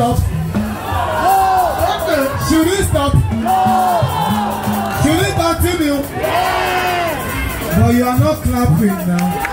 stop? No! Okay, should we stop? No! Should we continue? Yes! But you are not clapping now.